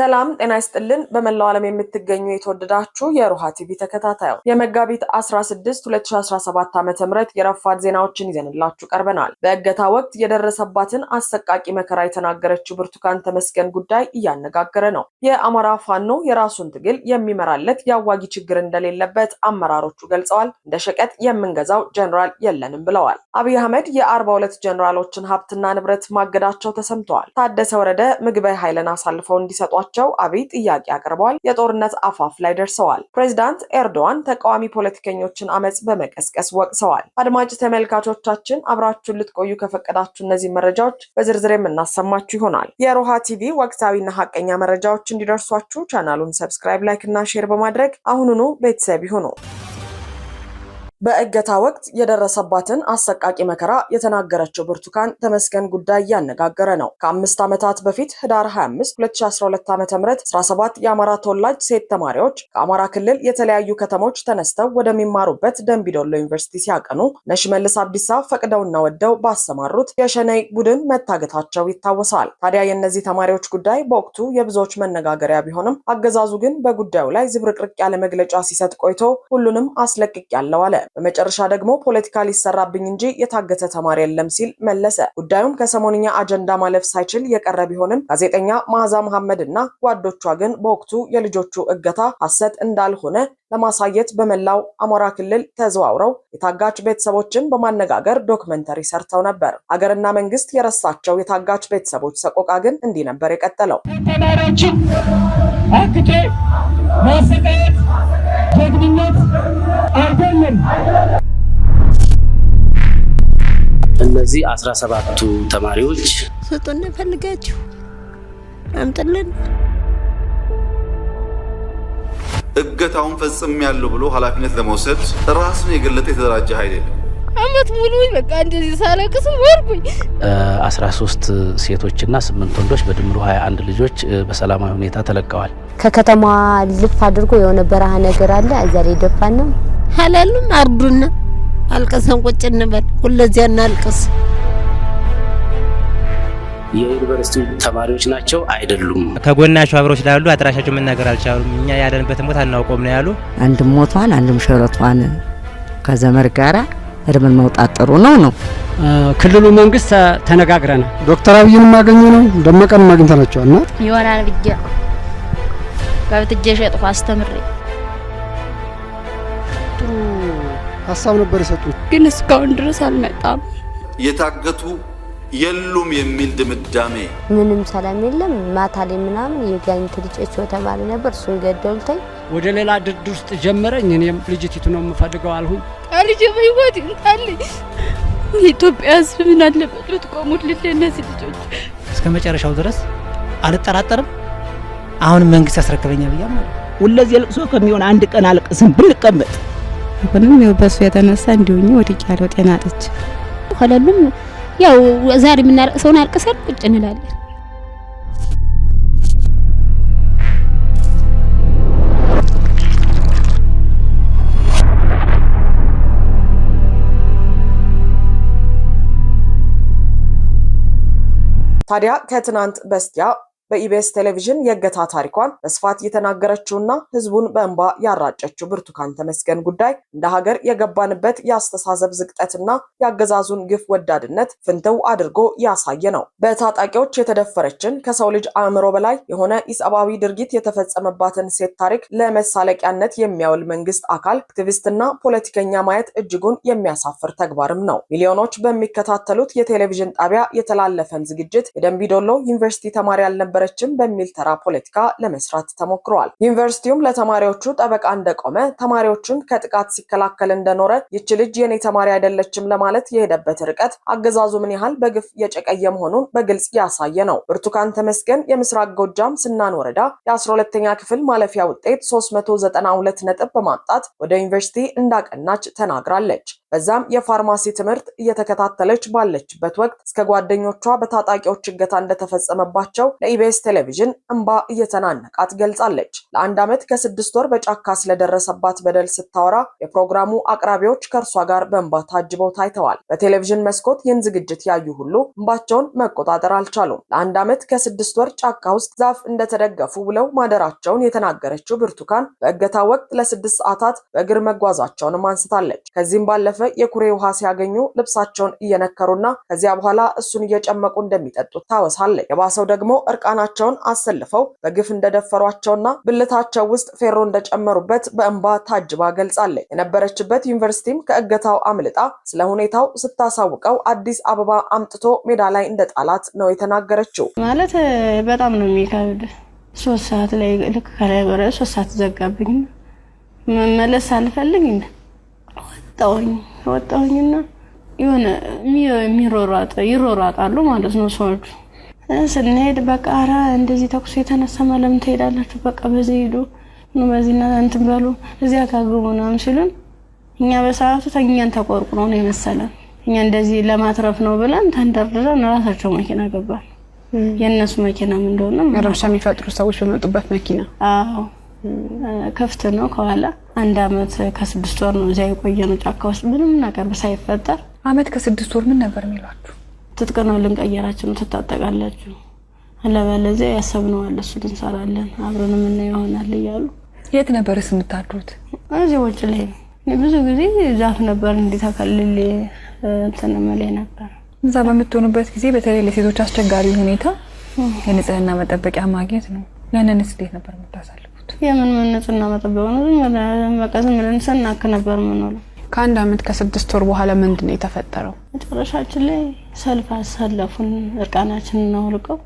ሰላም ጤና ይስጥልን። በመላው ዓለም የምትገኙ የተወደዳችሁ የሮሃ ቲቪ ተከታታዩ የመጋቢት 16 2017 ዓ ም የረፋድ ዜናዎችን ይዘንላችሁ ቀርበናል። በእገታ ወቅት የደረሰባትን አሰቃቂ መከራ የተናገረችው ብርቱካን ተመስገን ጉዳይ እያነጋገረ ነው። የአማራ ፋኖ የራሱን ትግል የሚመራለት የአዋጊ ችግር እንደሌለበት አመራሮቹ ገልጸዋል። እንደ ሸቀጥ የምንገዛው ጀኔራል የለንም ብለዋል። አብይ አህመድ የአርባ ሁለት ጀኔራሎችን ሀብትና ንብረት ማገዳቸው ተሰምተዋል። ታደሰ ወረደ ምግበይ ኃይልን አሳልፈው እንዲሰጧቸው ራሳቸው አብይ ጥያቄ አቅርበዋል። የጦርነት አፋፍ ላይ ደርሰዋል። ፕሬዚዳንት ኤርዶዋን ተቃዋሚ ፖለቲከኞችን አመፅ በመቀስቀስ ወቅሰዋል። አድማጭ ተመልካቾቻችን አብራችሁን ልትቆዩ ከፈቀዳችሁ እነዚህ መረጃዎች በዝርዝር የምናሰማችሁ ይሆናል። የሮሃ ቲቪ ወቅታዊና ሀቀኛ መረጃዎች እንዲደርሷችሁ ቻናሉን ሰብስክራይብ፣ ላይክ እና ሼር በማድረግ አሁኑኑ ቤተሰብ ይሁኑ። በእገታ ወቅት የደረሰባትን አሰቃቂ መከራ የተናገረችው ብርቱካን ተመስገን ጉዳይ እያነጋገረ ነው። ከአምስት ዓመታት በፊት ህዳር 25 2012 ዓ.ም 17 የአማራ ተወላጅ ሴት ተማሪዎች ከአማራ ክልል የተለያዩ ከተሞች ተነስተው ወደሚማሩበት ደንቢዶሎ ዩኒቨርሲቲ ሲያቀኑ ነሽ ሽመልስ አብዲሳ ፈቅደውና ወደው ባሰማሩት የሸነይ ቡድን መታገታቸው ይታወሳል። ታዲያ የእነዚህ ተማሪዎች ጉዳይ በወቅቱ የብዙዎች መነጋገሪያ ቢሆንም አገዛዙ ግን በጉዳዩ ላይ ዝብርቅርቅ ያለ መግለጫ ሲሰጥ ቆይቶ ሁሉንም አስለቅቅ ያለው አለ። በመጨረሻ ደግሞ ፖለቲካ ሊሰራብኝ እንጂ የታገተ ተማሪ የለም ሲል መለሰ። ጉዳዩም ከሰሞንኛ አጀንዳ ማለፍ ሳይችል የቀረ ቢሆንም ጋዜጠኛ መዓዛ መሐመድ እና ጓዶቿ ግን በወቅቱ የልጆቹ እገታ ሐሰት እንዳልሆነ ለማሳየት በመላው አማራ ክልል ተዘዋውረው የታጋች ቤተሰቦችን በማነጋገር ዶክመንተሪ ሰርተው ነበር። ሀገርና መንግስት የረሳቸው የታጋች ቤተሰቦች ሰቆቃ ግን እንዲህ ነበር የቀጠለው። አክቴ ማሰቃየት ጀግንነት አይደለም። እነዚህ አስራ ሰባቱ ተማሪዎች ስጡ እንፈልጋችሁ አምጥልን እገታውን ፈጽሜያለሁ ብሎ ኃላፊነት ለመውሰድ ራሱን የገለጠ የተደራጀ ኃይል የለም። አመት ሙሉ በቃ እንደዚህ ሳለቅስ ወርኩኝ። አስራ ሶስት ሴቶችና ስምንት ወንዶች በድምሩ ሀያ አንድ ልጆች በሰላማዊ ሁኔታ ተለቀዋል። ከከተማዋ ልፍ አድርጎ የሆነ በረሃ ነገር አለ። እዛ ላይ ደፋን ነው ሀላሉም አርዱና አልቀሰን ቁጭ እንበል ሁለዚያ እናልቅስ። የዩኒቨርሲቲ ተማሪዎች ናቸው አይደሉም? ከጎናቸው አብረው ስላሉ አድራሻቸው መናገር አልቻሉም። እኛ ያለንበትን ቦታ አናውቀውም ነው ያሉ። አንድም ሞቷን አንድም ሸረቷን ከዘመድ ጋራ እርምን መውጣት ጥሩ ነው ነው ክልሉ መንግስት ተነጋግረናል። ዶክተር አብይንም ማገኘ ነው ደመቀንም አግኝተናቸዋል። እና ይሆናል ብዬ በብትጄ ሸጥኩ አስተምሬ ጥሩ ሀሳብ ነበር የሰጡት፣ ግን እስካሁን ድረስ አልመጣም። የታገቱ የሉም የሚል ድምዳሜ ምንም ሰላም የለም። ማታ ላይ ምናምን የጋኝት ልጨች ተባለ ነበር እሱን ገደሉተኝ ወደ ሌላ ድርድር ውስጥ ጀመረኝ። እኔም ልጅቲቱ ነው የምፈልገው አልሁኝ። ቃልጅ በህይወት ይምጣልኝ። የኢትዮጵያ ህዝብ ምን አለበት ብትቆሙት ልል እነዚህ ልጆች እስከ መጨረሻው ድረስ አልጠራጠርም። አሁንም መንግስት ያስረክበኛል ብያም አለ ሁለዚህ ልቅሶ ከሚሆን አንድ ቀን አልቅስም ብንቀመጥ ምንም ያው በሱ የተነሳ እንዲሁኝ ወድቅ ያለው ጤና አጥቼ ሁሉም ያው ዛሬ የምናለቅሰውን አልቅሰን ቁጭ እንላለን። ታዲያ ከትናንት በስቲያ በኢቢኤስ ቴሌቪዥን የእገታ ታሪኳን በስፋት የተናገረችውና ህዝቡን በእንባ ያራጨችው ብርቱካን ተመስገን ጉዳይ እንደ ሀገር የገባንበት የአስተሳሰብ ዝቅጠትና የአገዛዙን ግፍ ወዳድነት ፍንትው አድርጎ ያሳየ ነው። በታጣቂዎች የተደፈረችን ከሰው ልጅ አእምሮ በላይ የሆነ ኢሰብአዊ ድርጊት የተፈጸመባትን ሴት ታሪክ ለመሳለቂያነት የሚያውል መንግስት አካል አክቲቪስትና ፖለቲከኛ ማየት እጅጉን የሚያሳፍር ተግባርም ነው። ሚሊዮኖች በሚከታተሉት የቴሌቪዥን ጣቢያ የተላለፈን ዝግጅት የደንቢዶሎ ዩኒቨርሲቲ ተማሪ ያልነበር አልነበረችም በሚል ተራ ፖለቲካ ለመስራት ተሞክሯል። ዩኒቨርሲቲውም ለተማሪዎቹ ጠበቃ እንደቆመ፣ ተማሪዎቹን ከጥቃት ሲከላከል እንደኖረ፣ ይች ልጅ የኔ ተማሪ አይደለችም ለማለት የሄደበት ርቀት አገዛዙ ምን ያህል በግፍ የጨቀየ መሆኑን በግልጽ ያሳየ ነው። ብርቱካን ተመስገን የምስራቅ ጎጃም ስናን ወረዳ የ12ኛ ክፍል ማለፊያ ውጤት 392 ነጥብ በማምጣት ወደ ዩኒቨርሲቲ እንዳቀናች ተናግራለች። በዛም የፋርማሲ ትምህርት እየተከታተለች ባለችበት ወቅት እስከ ጓደኞቿ በታጣቂዎች እገታ እንደተፈጸመባቸው ለኢቤ ለኢቢኤስ ቴሌቪዥን እንባ እየተናነቃት ገልጻለች። ለአንድ ዓመት ከስድስት ወር በጫካ ስለደረሰባት በደል ስታወራ የፕሮግራሙ አቅራቢዎች ከእርሷ ጋር በእንባ ታጅበው ታይተዋል። በቴሌቪዥን መስኮት ይህን ዝግጅት ያዩ ሁሉ እንባቸውን መቆጣጠር አልቻሉም። ለአንድ ዓመት ከስድስት ወር ጫካ ውስጥ ዛፍ እንደተደገፉ ብለው ማደራቸውን የተናገረችው ብርቱካን በእገታ ወቅት ለስድስት ሰዓታት በእግር መጓዛቸውንም አንስታለች። ከዚህም ባለፈ የኩሬ ውሃ ሲያገኙ ልብሳቸውን እየነከሩና ከዚያ በኋላ እሱን እየጨመቁ እንደሚጠጡት ታወሳለች። የባሰው ደግሞ እርቃና ስልጣናቸውን አሰልፈው በግፍ እንደደፈሯቸውና ብልታቸው ውስጥ ፌሮ እንደጨመሩበት በእንባ ታጅባ ገልጻለች። የነበረችበት ዩኒቨርሲቲም ከእገታው አምልጣ ስለ ሁኔታው ስታሳውቀው አዲስ አበባ አምጥቶ ሜዳ ላይ እንደ ጣላት ነው የተናገረችው። ማለት በጣም ነው የሚከብድ። ሶስት ሰዓት ላይ ልክ ከላይ በረ ሶስት ሰዓት ዘጋብኝ። መመለስ አልፈልግ ወጣውኝ ወጣውኝና የሆነ የሚሮሯጠ ይሮሯጣሉ ማለት ነው ሰዎቹ ስንሄድ በቃ እንደዚህ ተኩስ የተነሳ ማለም ትሄዳላችሁ? በቃ በዚህ ሂዱ በዚህና እንትን በሉ እዚያ ታግቡ ነው ሲሉን፣ እኛ በሰዓቱ ተኛን ተቆርቁ ነው የመሰለን እኛ እንደዚህ ለማትረፍ ነው ብለን ተንደርድረን ራሳቸው መኪና ገባል። የእነሱ መኪናም እንደሆነ ረብሻ የሚፈጥሩ ሰዎች በመጡበት መኪና አዎ ክፍት ነው ከኋላ። አንድ አመት ከስድስት ወር ነው እዚያ የቆየ ነው ጫካ ውስጥ ምንም ነገር ሳይፈጠር። አመት ከስድስት ወር ምን ነበር የሚሏችሁ? ትጥቅ ነው ልንቀየራችሁ ትታጠቃላችሁ፣ አለበለዚያ ያሰብነዋል እሱን እንሰራለን አብረን ምን ይሆናል እያሉ። የት ነበርስ የምታድሩት? እዚህ ውጭ ላይ ነው። ብዙ ጊዜ ዛፍ ነበር እንዲተከልል እንትን ነበር። እዛ በምትሆኑበት ጊዜ በተለይ ለሴቶች አስቸጋሪ ሁኔታ የንጽህና መጠበቂያ ማግኘት ነው። ያንን እንዴት ነበር የምታሳልፉት? የምን ምን ንጽህና መጠበቂያ ነው? ዝም በቃ ዝም ብለን ስናክ ነበር ምንውለው ከአንድ አመት ከስድስት ወር በኋላ ምንድን ነው የተፈጠረው? መጨረሻችን ላይ ሰልፍ አሳለፉን። እርቃናችንን አውልቀው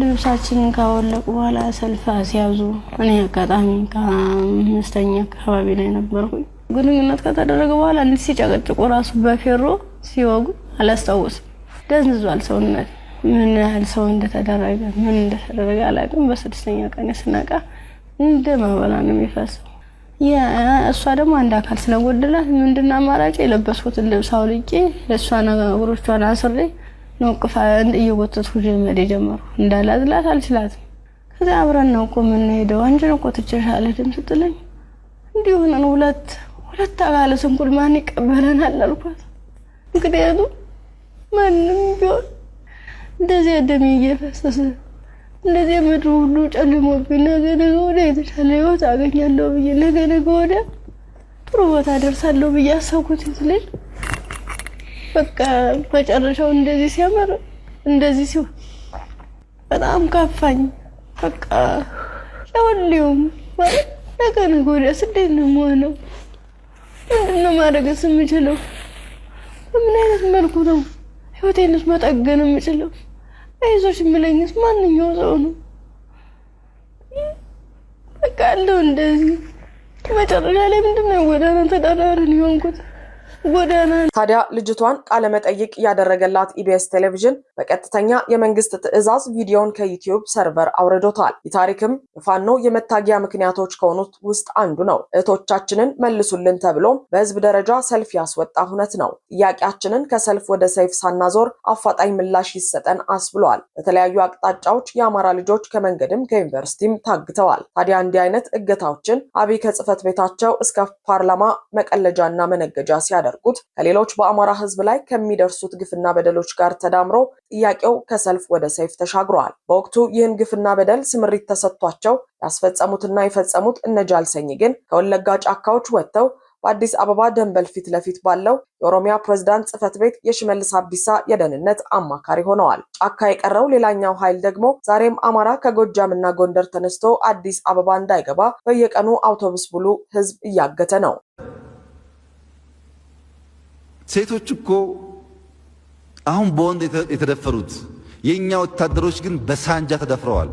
ልብሳችንን ካወለቁ በኋላ ሰልፍ አስያዙ። እኔ አጋጣሚ ከአምስተኛ አካባቢ ላይ ነበርኩኝ። ግንኙነት ከተደረገ በኋላ እንዲህ ሲጨቀጭቁ ራሱ በፌሮ ሲወጉ አላስታውስም። ደንዝዟል ሰውነት። ምን ያህል ሰው እንደተደረገ ምን እንደተደረገ አላውቅም። በስድስተኛ ቀን ስነቃ እንደ መበላ ነው የሚፈሰው እሷ ደግሞ አንድ አካል ስለጎደላት ምንድን አማራጭ የለበስኩትን ልብስ አውልቄ ለእሷ ነገሮቿን አስሬ ነቅፋ ቅፋ እየጎተትኩ መሄድ የጀመሩ እንዳላዝላት አልችላትም። ከዚያ አብረን ነው እኮ የምንሄደው አንቺን እኮ ትችልሻለሽ ስትለኝ እንዲሁ ሆነን ሁለት ሁለት አካለ ስንኩል ማን ይቀበለናል አልኳት። ምክንያቱም ማንም ቢሆን እንደዚያ ደሜ እየፈሰሰ እንደዚህ ምድር ሁሉ ጨልሞብኝ ነገ ነገ ወደ የተሻለ ህይወት አገኛለሁ ብዬ ነገ ነገ ወደ ጥሩ ቦታ ደርሳለሁ ብዬ አሰብኩት ልጅ በቃ መጨረሻው እንደዚህ ሲያምር እንደዚህ ሲሆን በጣም ካፋኝ። በቃ ለወሊውም ማለት ነገ ነገ ወዲያ ስደት ነው የምሆነው። ምንድን ነው ማድረግስ የምችለው? በምን አይነት መልኩ ነው ህይወቴንስ መጠገን የምችለው? አይዞሽ የሚለኝስ ማንኛው ሰው ነው? በቃ አለው እንደዚህ መጨረሻ ላይ ምንድን ነው ወደ ነው የሆንኩት። ታዲያ ልጅቷን ቃለመጠይቅ ያደረገላት ኢቢኤስ ቴሌቪዥን በቀጥተኛ የመንግስት ትዕዛዝ ቪዲዮን ከዩቲዩብ ሰርቨር አውርዶታል። የታሪክም የፋኖ የመታጊያ ምክንያቶች ከሆኑት ውስጥ አንዱ ነው። እህቶቻችንን መልሱልን ተብሎም በህዝብ ደረጃ ሰልፍ ያስወጣ ሁነት ነው። ጥያቄያችንን ከሰልፍ ወደ ሰይፍ ሳናዞር አፋጣኝ ምላሽ ይሰጠን አስብሏል። በተለያዩ አቅጣጫዎች የአማራ ልጆች ከመንገድም ከዩኒቨርሲቲም ታግተዋል። ታዲያ እንዲህ አይነት እገታዎችን አብይ ከጽህፈት ቤታቸው እስከ ፓርላማ መቀለጃና መነገጃ ሲያደ የሚያደርጉት ከሌሎች በአማራ ህዝብ ላይ ከሚደርሱት ግፍና በደሎች ጋር ተዳምሮ ጥያቄው ከሰልፍ ወደ ሰይፍ ተሻግሯል። በወቅቱ ይህን ግፍና በደል ስምሪት ተሰጥቷቸው ያስፈጸሙትና የፈጸሙት እነ ጃልሰኝ ግን ከወለጋ ጫካዎች ወጥተው በአዲስ አበባ ደንበል ፊት ለፊት ባለው የኦሮሚያ ፕሬዝዳንት ጽህፈት ቤት የሽመልስ አብዲሳ የደህንነት አማካሪ ሆነዋል። ጫካ የቀረው ሌላኛው ኃይል ደግሞ ዛሬም አማራ ከጎጃምና ጎንደር ተነስቶ አዲስ አበባ እንዳይገባ በየቀኑ አውቶቡስ ብሉ ህዝብ እያገተ ነው። ሴቶች እኮ አሁን በወንድ የተደፈሩት የእኛ ወታደሮች ግን በሳንጃ ተደፍረዋል።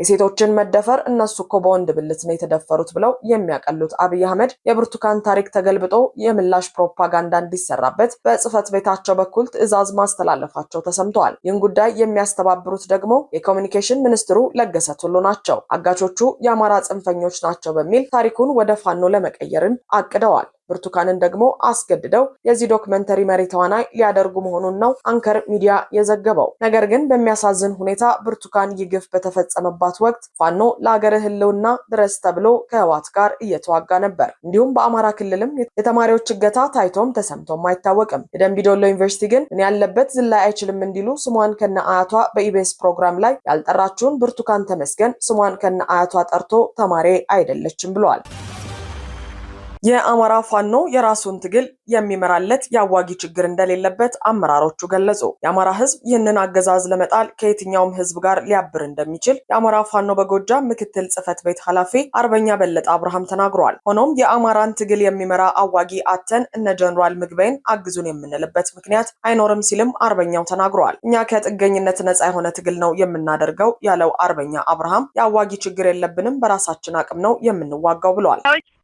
የሴቶችን መደፈር እነሱ እኮ በወንድ ብልት ነው የተደፈሩት ብለው የሚያቀሉት አብይ አህመድ የብርቱካን ታሪክ ተገልብጦ የምላሽ ፕሮፓጋንዳ እንዲሰራበት በጽህፈት ቤታቸው በኩል ትዕዛዝ ማስተላለፋቸው ተሰምተዋል። ይህን ጉዳይ የሚያስተባብሩት ደግሞ የኮሚኒኬሽን ሚኒስትሩ ለገሰ ቱሉ ናቸው። አጋቾቹ የአማራ ጽንፈኞች ናቸው በሚል ታሪኩን ወደ ፋኖ ለመቀየርም አቅደዋል። ብርቱካንን ደግሞ አስገድደው የዚህ ዶክመንተሪ መሪ ተዋናይ ሊያደርጉ መሆኑን ነው አንከር ሚዲያ የዘገበው። ነገር ግን በሚያሳዝን ሁኔታ ብርቱካን ይህ ግፍ በተፈጸመባት ወቅት ፋኖ ለሀገር ህልውና ድረስ ተብሎ ከህዋት ጋር እየተዋጋ ነበር። እንዲሁም በአማራ ክልልም የተማሪዎች እገታ ታይቶም ተሰምቶም አይታወቅም። የደምቢዶሎ ዩኒቨርሲቲ ግን እኔ ያለበት ዝላይ አይችልም እንዲሉ ስሟን ከነ አያቷ በኢቢኤስ ፕሮግራም ላይ ያልጠራችውን ብርቱካን ተመስገን ስሟን ከነ አያቷ ጠርቶ ተማሪ አይደለችም ብለዋል። የአማራ ፋኖ የራሱን ትግል የሚመራለት የአዋጊ ችግር እንደሌለበት አመራሮቹ ገለጹ። የአማራ ህዝብ ይህንን አገዛዝ ለመጣል ከየትኛውም ህዝብ ጋር ሊያብር እንደሚችል የአማራ ፋኖ በጎጃም ምክትል ጽህፈት ቤት ኃላፊ አርበኛ በለጠ አብርሃም ተናግሯል። ሆኖም የአማራን ትግል የሚመራ አዋጊ አተን እነ ጀኔራል ምግበይን አግዙን የምንልበት ምክንያት አይኖርም ሲልም አርበኛው ተናግሯል። እኛ ከጥገኝነት ነጻ የሆነ ትግል ነው የምናደርገው ያለው አርበኛ አብርሃም የአዋጊ ችግር የለብንም፣ በራሳችን አቅም ነው የምንዋጋው ብሏል?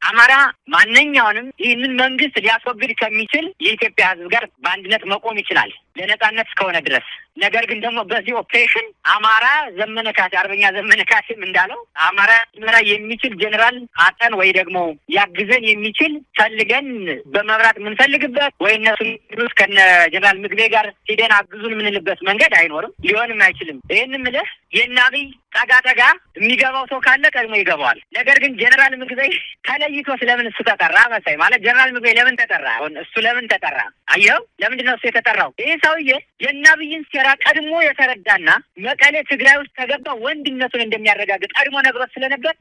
አማራ ማንኛውንም ይህንን መንግስት ሊያስወግድ ሊል ከሚችል የኢትዮጵያ ህዝብ ጋር በአንድነት መቆም ይችላል ለነጻነት እስከሆነ ድረስ። ነገር ግን ደግሞ በዚህ ኦፕሬሽን አማራ ዘመነ ካሴ አርበኛ ዘመነ ካሴም እንዳለው አማራ መራ የሚችል ጀኔራል አጠን ወይ ደግሞ ያግዘን የሚችል ፈልገን በመብራት የምንፈልግበት ወይ እነሱ ከነ ጀኔራል ምግቤ ጋር ሂደን አግዙን የምንልበት መንገድ አይኖርም፣ ሊሆንም አይችልም። ይህን ምልህ የናብይ ጠጋ ጠጋ የሚገባው ሰው ካለ ቀድሞ ይገባዋል። ነገር ግን ጀኔራል ምግበይ ተለይቶ ስለምን እሱ ተጠራ መሳይ ማለት ጀኔራል ምግበይ ለምን ተጠራ? አሁን እሱ ለምን ተጠራ? አየው ለምንድን ነው እሱ የተጠራው? ይህ ሰውዬ የናብይን ሴራ ቀድሞ የተረዳና መቀሌ ትግራይ ውስጥ ተገባ ወንድነቱን እንደሚያረጋግጥ ቀድሞ ነግሮት ስለነበር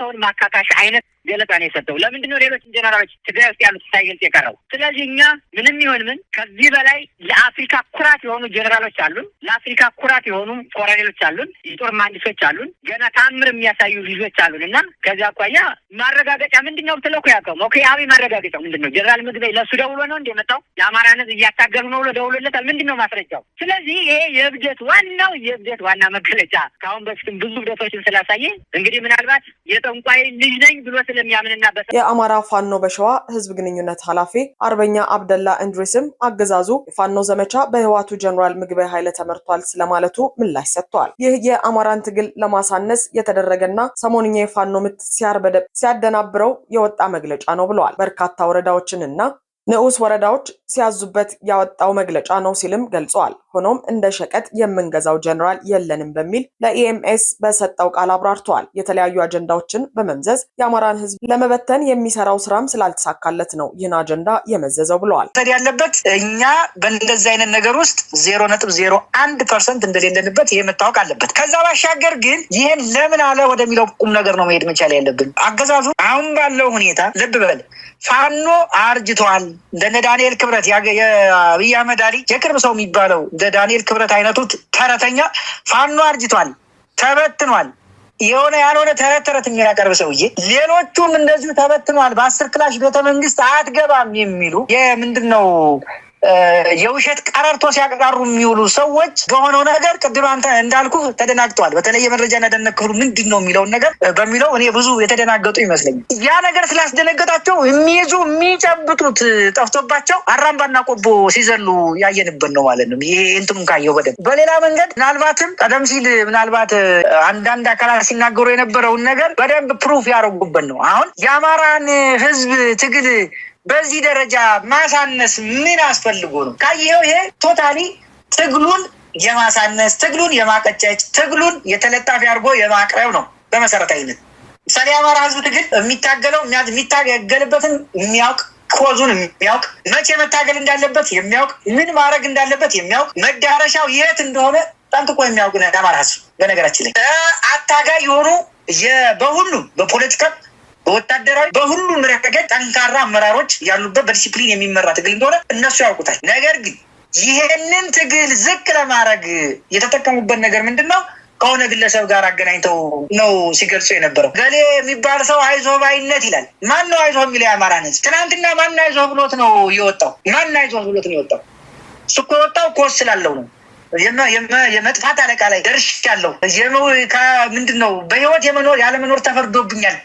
ሰውን ማካካሽ አይነት ገለጻ ነው የሰጠው። ለምንድነው ሌሎች ጀነራሎች ትግራይ ውስጥ ያሉት ሳይገልጽ የቀረው? ስለዚህ እኛ ምንም ይሆን ምን ከዚህ በላይ ለአፍሪካ ኩራት የሆኑ ጀነራሎች አሉን። ለአፍሪካ ኩራት የሆኑ ኮሎኔሎች አሉን። የጦር መሀንዲሶች አሉን። ገና ታምር የሚያሳዩ ልጆች አሉን እና ከዚህ አኳያ ማረጋገጫ ምንድን ነው ብትለኩ እኮ ኦኬ፣ ሞክ ማረጋገጫ ምንድን ነው? ጀነራል ምግበይ ለእሱ ደውሎ ነው እንደመጣው የአማራ ነዝ እያታገሉ ነው ብሎ ደውሎለታል። ምንድን ነው ማስረጃው? ስለዚህ ይሄ የእብደት ዋናው የእብደት ዋና መገለጫ ከአሁን በፊትም ብዙ እብደቶችን ስላሳየ እንግዲህ ምናልባት የጠንቋይ ልጅ ነኝ ብሎ ስለሚያምንና የአማራ ፋኖ በሸዋ ህዝብ ግንኙነት ኃላፊ አርበኛ አብደላ እንድሪስም አገዛዙ የፋኖ ዘመቻ በህዋቱ ጀኔራል ምግበይ ኃይለ ተመርቷል ስለማለቱ ምላሽ ሰጥቷል። ይህ የአማራን ትግል ለማሳነስ የተደረገና ሰሞንኛ የፋኖ ምት ሲያርበደብ ሲያደናብረው የወጣ መግለጫ ነው ብለዋል። በርካታ ወረዳዎችንና ንዑስ ወረዳዎች ሲያዙበት ያወጣው መግለጫ ነው ሲልም ገልጸዋል። ሆኖም እንደ ሸቀጥ የምንገዛው ጀኔራል የለንም በሚል ለኢኤምኤስ በሰጠው ቃል አብራርተዋል። የተለያዩ አጀንዳዎችን በመምዘዝ የአማራን ሕዝብ ለመበተን የሚሰራው ስራም ስላልተሳካለት ነው ይህን አጀንዳ የመዘዘው ብለዋል። ሰድ ያለበት እኛ በእንደዚህ አይነት ነገር ውስጥ ዜሮ ነጥብ ዜሮ አንድ ፐርሰንት እንደሌለንበት ይህ መታወቅ አለበት። ከዛ ባሻገር ግን ይህን ለምን አለ ወደሚለው ቁም ነገር ነው መሄድ መቻል ያለብን። አገዛዙ አሁን ባለው ሁኔታ ልብ በል ፋኖ አርጅተዋል። እንደነ ዳንኤል ክብረት የአብይ አህመድ አሊ የቅርብ ሰው የሚባለው እንደ ዳንኤል ክብረት አይነቱ ተረተኛ ፋኖ አርጅቷል፣ ተበትኗል የሆነ ያልሆነ ተረት ተረት የሚያቀርብ ሰውዬ ሌሎቹም እንደዚሁ ተበትኗል፣ በአስር ክላሽ ቤተመንግስት አትገባም የሚሉ የምንድን ነው የውሸት ቀረርቶ ሲያቀራሩ የሚውሉ ሰዎች በሆነው ነገር ቅድም አንተ እንዳልኩ ተደናግጠዋል። በተለይ የመረጃ ደህንነት ክፍሉ ምንድን ነው የሚለውን ነገር በሚለው እኔ ብዙ የተደናገጡ ይመስለኛል። ያ ነገር ስላስደነገጣቸው የሚይዙ የሚጨብጡት ጠፍቶባቸው አራምባና ቆቦ ሲዘሉ ያየንበት ነው ማለት ነው። ይሄ እንትኑን ካየው በደንብ በሌላ መንገድ ምናልባትም ቀደም ሲል ምናልባት አንዳንድ አካላት ሲናገሩ የነበረውን ነገር በደንብ ፕሩፍ ያደረጉበት ነው። አሁን የአማራን ህዝብ ትግል በዚህ ደረጃ ማሳነስ ምን አስፈልጎ ነው? ካየው ይሄ ቶታሊ ትግሉን የማሳነስ ትግሉን የማቀጨጭ ትግሉን የተለጣፊ አድርጎ የማቅረብ ነው። በመሰረታዊነት ምሳሌ አማራ ህዝብ ትግል የሚታገለው የሚታገልበትን የሚያውቅ ኮዙን የሚያውቅ መቼ መታገል እንዳለበት የሚያውቅ ምን ማድረግ እንዳለበት የሚያውቅ መዳረሻው የት እንደሆነ ጠንቅቆ የሚያውቅ አማራ ህዝብ በነገራችን ላይ አታጋይ የሆኑ በሁሉም በፖለቲካ በወታደራዊ በሁሉም ረገድ ጠንካራ አመራሮች ያሉበት በዲሲፕሊን የሚመራ ትግል እንደሆነ እነሱ ያውቁታል። ነገር ግን ይህንን ትግል ዝቅ ለማድረግ የተጠቀሙበት ነገር ምንድን ነው? ከሆነ ግለሰብ ጋር አገናኝተው ነው ሲገልጹ የነበረው። ገሌ የሚባል ሰው አይዞ ባይነት ይላል። ማን ነው አይዞ የሚለው? የአማራን ህዝብ ትናንትና ማን አይዞ ብሎት ነው የወጣው? ማን አይዞ ብሎት ነው የወጣው? እሱ እኮ የወጣው ኮስ ስላለው ነው። የመጥፋት አለቃ ላይ ደርሻለሁ ምንድን ነው በህይወት የመኖር ያለመኖር ተፈርዶብኛል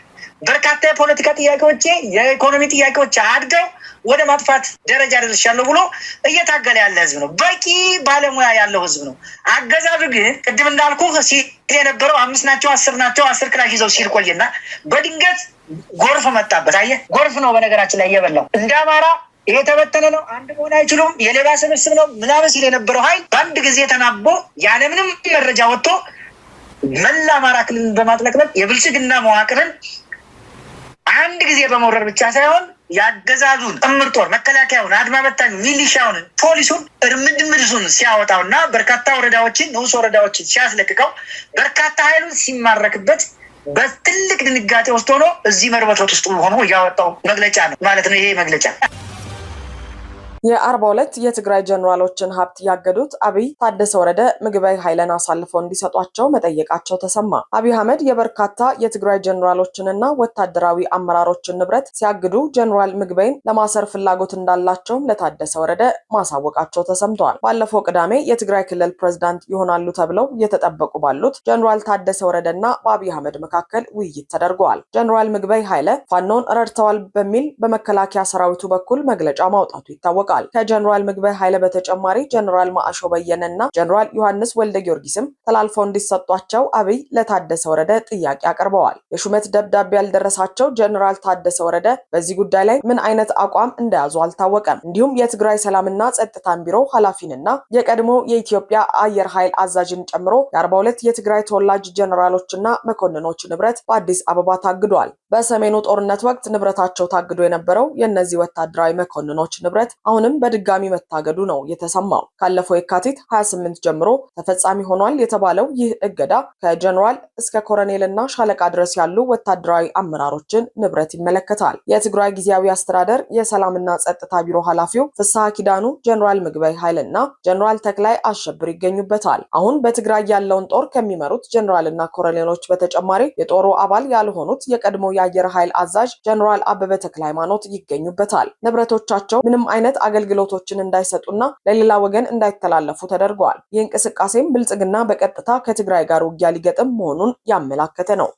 በርካታ የፖለቲካ ጥያቄዎቼ፣ የኢኮኖሚ ጥያቄዎች አድገው ወደ ማጥፋት ደረጃ ደርሻለሁ ብሎ እየታገለ ያለ ህዝብ ነው። በቂ ባለሙያ ያለው ህዝብ ነው። አገዛዙ ግን ቅድም እንዳልኩ ሲል የነበረው አምስት ናቸው፣ አስር ናቸው፣ አስር ክላሽ ይዘው ሲል ቆይና በድንገት ጎርፍ መጣበት። አየህ፣ ጎርፍ ነው በነገራችን ላይ እየበላው እንደ አማራ የተበተነ ነው። አንድ መሆን አይችሉም፣ የሌባ ስብስብ ነው ምናምን ሲል የነበረው ሀይል በአንድ ጊዜ ተናቦ ያለምንም መረጃ ወጥቶ መላ አማራ ክልል በማጥለቅለቅ የብልጽግና መዋቅርን አንድ ጊዜ በመውረር ብቻ ሳይሆን ያገዛዙን ጥምር ጦር መከላከያውን፣ አድማ በታኝ ሚሊሻውን፣ ፖሊሱን እርምድምድሱን ሲያወጣው እና በርካታ ወረዳዎችን ንዑስ ወረዳዎችን ሲያስለቅቀው በርካታ ኃይሉን ሲማረክበት በትልቅ ድንጋጤ ውስጥ ሆኖ እዚህ መርበቶት ውስጥ ሆኖ እያወጣው መግለጫ ነው ማለት ነው ይሄ መግለጫ የአርባ ሁለት የትግራይ ጀኔራሎችን ሀብት ያገዱት አብይ ታደሰ ወረደ ምግበይ ኃይለን አሳልፈው እንዲሰጧቸው መጠየቃቸው ተሰማ። አብይ አህመድ የበርካታ የትግራይ ጀኔራሎችንና ወታደራዊ አመራሮችን ንብረት ሲያግዱ ጀኔራል ምግበይን ለማሰር ፍላጎት እንዳላቸውም ለታደሰ ወረደ ማሳወቃቸው ተሰምተዋል። ባለፈው ቅዳሜ የትግራይ ክልል ፕሬዝዳንት ይሆናሉ ተብለው እየተጠበቁ ባሉት ጀኔራል ታደሰ ወረደና በአብይ አህመድ መካከል ውይይት ተደርገዋል። ጀኔራል ምግበይ ኃይለ ፋኖን ረድተዋል በሚል በመከላከያ ሰራዊቱ በኩል መግለጫ ማውጣቱ ይታወቃል። ይታወቃል። ከጀኔራል ምግበ ኃይለ በተጨማሪ ጀኔራል ማዕሾ በየነና ጀኔራል ዮሐንስ ወልደ ጊዮርጊስም ተላልፈው እንዲሰጧቸው አብይ ለታደሰ ወረደ ጥያቄ አቅርበዋል። የሹመት ደብዳቤ ያልደረሳቸው ጀኔራል ታደሰ ወረደ በዚህ ጉዳይ ላይ ምን አይነት አቋም እንደያዙ አልታወቀም። እንዲሁም የትግራይ ሰላምና ጸጥታን ቢሮ ኃላፊንና የቀድሞ የኢትዮጵያ አየር ኃይል አዛዥን ጨምሮ የ42 የትግራይ ተወላጅ ጀኔራሎችና መኮንኖች ንብረት በአዲስ አበባ ታግዷል። በሰሜኑ ጦርነት ወቅት ንብረታቸው ታግዶ የነበረው የእነዚህ ወታደራዊ መኮንኖች ንብረት አሁንም በድጋሚ መታገዱ ነው የተሰማው። ካለፈው የካቲት 28 ጀምሮ ተፈጻሚ ሆኗል የተባለው ይህ እገዳ ከጀኔራል እስከ ኮረኔል እና ሻለቃ ድረስ ያሉ ወታደራዊ አመራሮችን ንብረት ይመለከታል። የትግራይ ጊዜያዊ አስተዳደር የሰላምና ጸጥታ ቢሮ ኃላፊው ፍስሐ ኪዳኑ፣ ጀኔራል ምግበይ ኃይልና ጀኔራል ተክላይ አሸብር ይገኙበታል። አሁን በትግራይ ያለውን ጦር ከሚመሩት ጀኔራልና ኮረኔሎች በተጨማሪ የጦሩ አባል ያልሆኑት የቀድሞ የአየር ኃይል አዛዥ ጀኔራል አበበ ተክለ ሃይማኖት ይገኙበታል። ንብረቶቻቸው ምንም አይነት አገልግሎቶችን እንዳይሰጡና ለሌላ ወገን እንዳይተላለፉ ተደርገዋል። ይህ እንቅስቃሴም ብልጽግና በቀጥታ ከትግራይ ጋር ውጊያ ሊገጥም መሆኑን ያመላከተ ነው።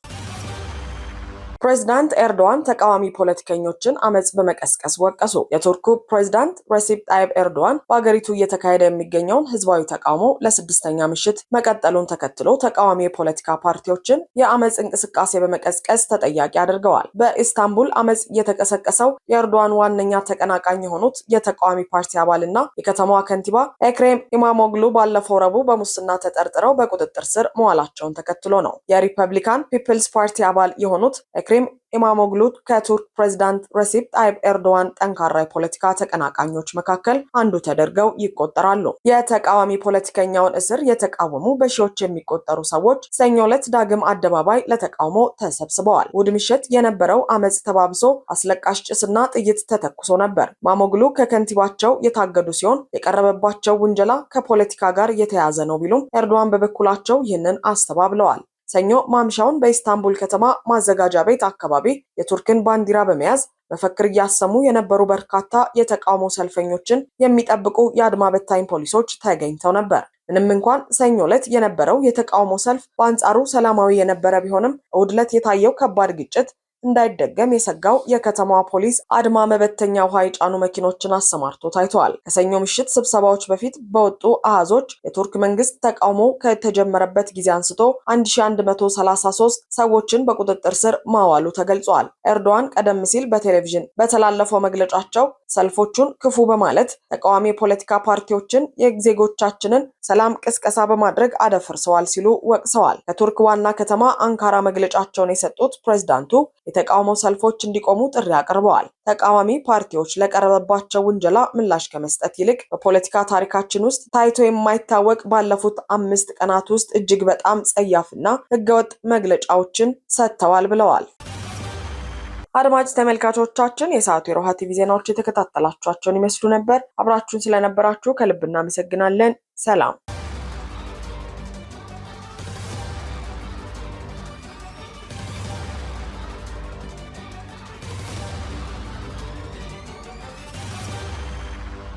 ፕሬዚዳንት ኤርዶዋን ተቃዋሚ ፖለቲከኞችን አመፅ በመቀስቀስ ወቀሱ። የቱርኩ ፕሬዚዳንት ረሲፕ ጣይብ ኤርዶዋን በአገሪቱ እየተካሄደ የሚገኘውን ህዝባዊ ተቃውሞ ለስድስተኛ ምሽት መቀጠሉን ተከትሎ ተቃዋሚ የፖለቲካ ፓርቲዎችን የአመፅ እንቅስቃሴ በመቀስቀስ ተጠያቂ አድርገዋል። በኢስታንቡል አመፅ የተቀሰቀሰው የኤርዶዋን ዋነኛ ተቀናቃኝ የሆኑት የተቃዋሚ ፓርቲ አባልና የከተማዋ ከንቲባ ኤክሬም ኢማሞግሉ ባለፈው ረቡዕ በሙስና ተጠርጥረው በቁጥጥር ስር መዋላቸውን ተከትሎ ነው። የሪፐብሊካን ፒፕልስ ፓርቲ አባል የሆኑት ክሪም ኢማሞግሉ ከቱርክ ፕሬዚዳንት ረሲፕ ጣይብ ኤርዶዋን ጠንካራ የፖለቲካ ተቀናቃኞች መካከል አንዱ ተደርገው ይቆጠራሉ። የተቃዋሚ ፖለቲከኛውን እስር የተቃወሙ በሺዎች የሚቆጠሩ ሰዎች ሰኞ ዕለት ዳግም አደባባይ ለተቃውሞ ተሰብስበዋል። ውድ ምሽት የነበረው አመፅ ተባብሶ አስለቃሽ ጭስና ጥይት ተተኩሶ ነበር። ኢማሞግሉ ከከንቲባቸው የታገዱ ሲሆን የቀረበባቸው ውንጀላ ከፖለቲካ ጋር የተያያዘ ነው ቢሉም ኤርዶዋን በበኩላቸው ይህንን አስተባብለዋል። ሰኞ ማምሻውን በኢስታንቡል ከተማ ማዘጋጃ ቤት አካባቢ የቱርክን ባንዲራ በመያዝ መፈክር እያሰሙ የነበሩ በርካታ የተቃውሞ ሰልፈኞችን የሚጠብቁ የአድማ በታኝ ፖሊሶች ተገኝተው ነበር። ምንም እንኳን ሰኞ ዕለት የነበረው የተቃውሞ ሰልፍ በአንጻሩ ሰላማዊ የነበረ ቢሆንም እሁድ ዕለት የታየው ከባድ ግጭት እንዳይደገም የሰጋው የከተማዋ ፖሊስ አድማ መበተኛ ውሃ የጫኑ መኪኖችን አሰማርቶ ታይተዋል። ከሰኞ ምሽት ስብሰባዎች በፊት በወጡ አሃዞች የቱርክ መንግስት ተቃውሞ ከተጀመረበት ጊዜ አንስቶ 1133 ሰዎችን በቁጥጥር ስር ማዋሉ ተገልጿል። ኤርዶዋን ቀደም ሲል በቴሌቪዥን በተላለፈው መግለጫቸው ሰልፎቹን ክፉ በማለት ተቃዋሚ የፖለቲካ ፓርቲዎችን የዜጎቻችንን ሰላም ቅስቀሳ በማድረግ አደፍርሰዋል ሲሉ ወቅሰዋል። ከቱርክ ዋና ከተማ አንካራ መግለጫቸውን የሰጡት ፕሬዝዳንቱ የተቃውሞ ሰልፎች እንዲቆሙ ጥሪ አቅርበዋል። ተቃዋሚ ፓርቲዎች ለቀረበባቸው ውንጀላ ምላሽ ከመስጠት ይልቅ በፖለቲካ ታሪካችን ውስጥ ታይቶ የማይታወቅ ባለፉት አምስት ቀናት ውስጥ እጅግ በጣም ጸያፍና ህገወጥ መግለጫዎችን ሰጥተዋል ብለዋል። አድማጭ ተመልካቾቻችን የሰዓቱ የሮሃ ቲቪ ዜናዎች የተከታተላችኋቸውን ይመስሉ ነበር። አብራችሁን ስለነበራችሁ ከልብ እናመሰግናለን። ሰላም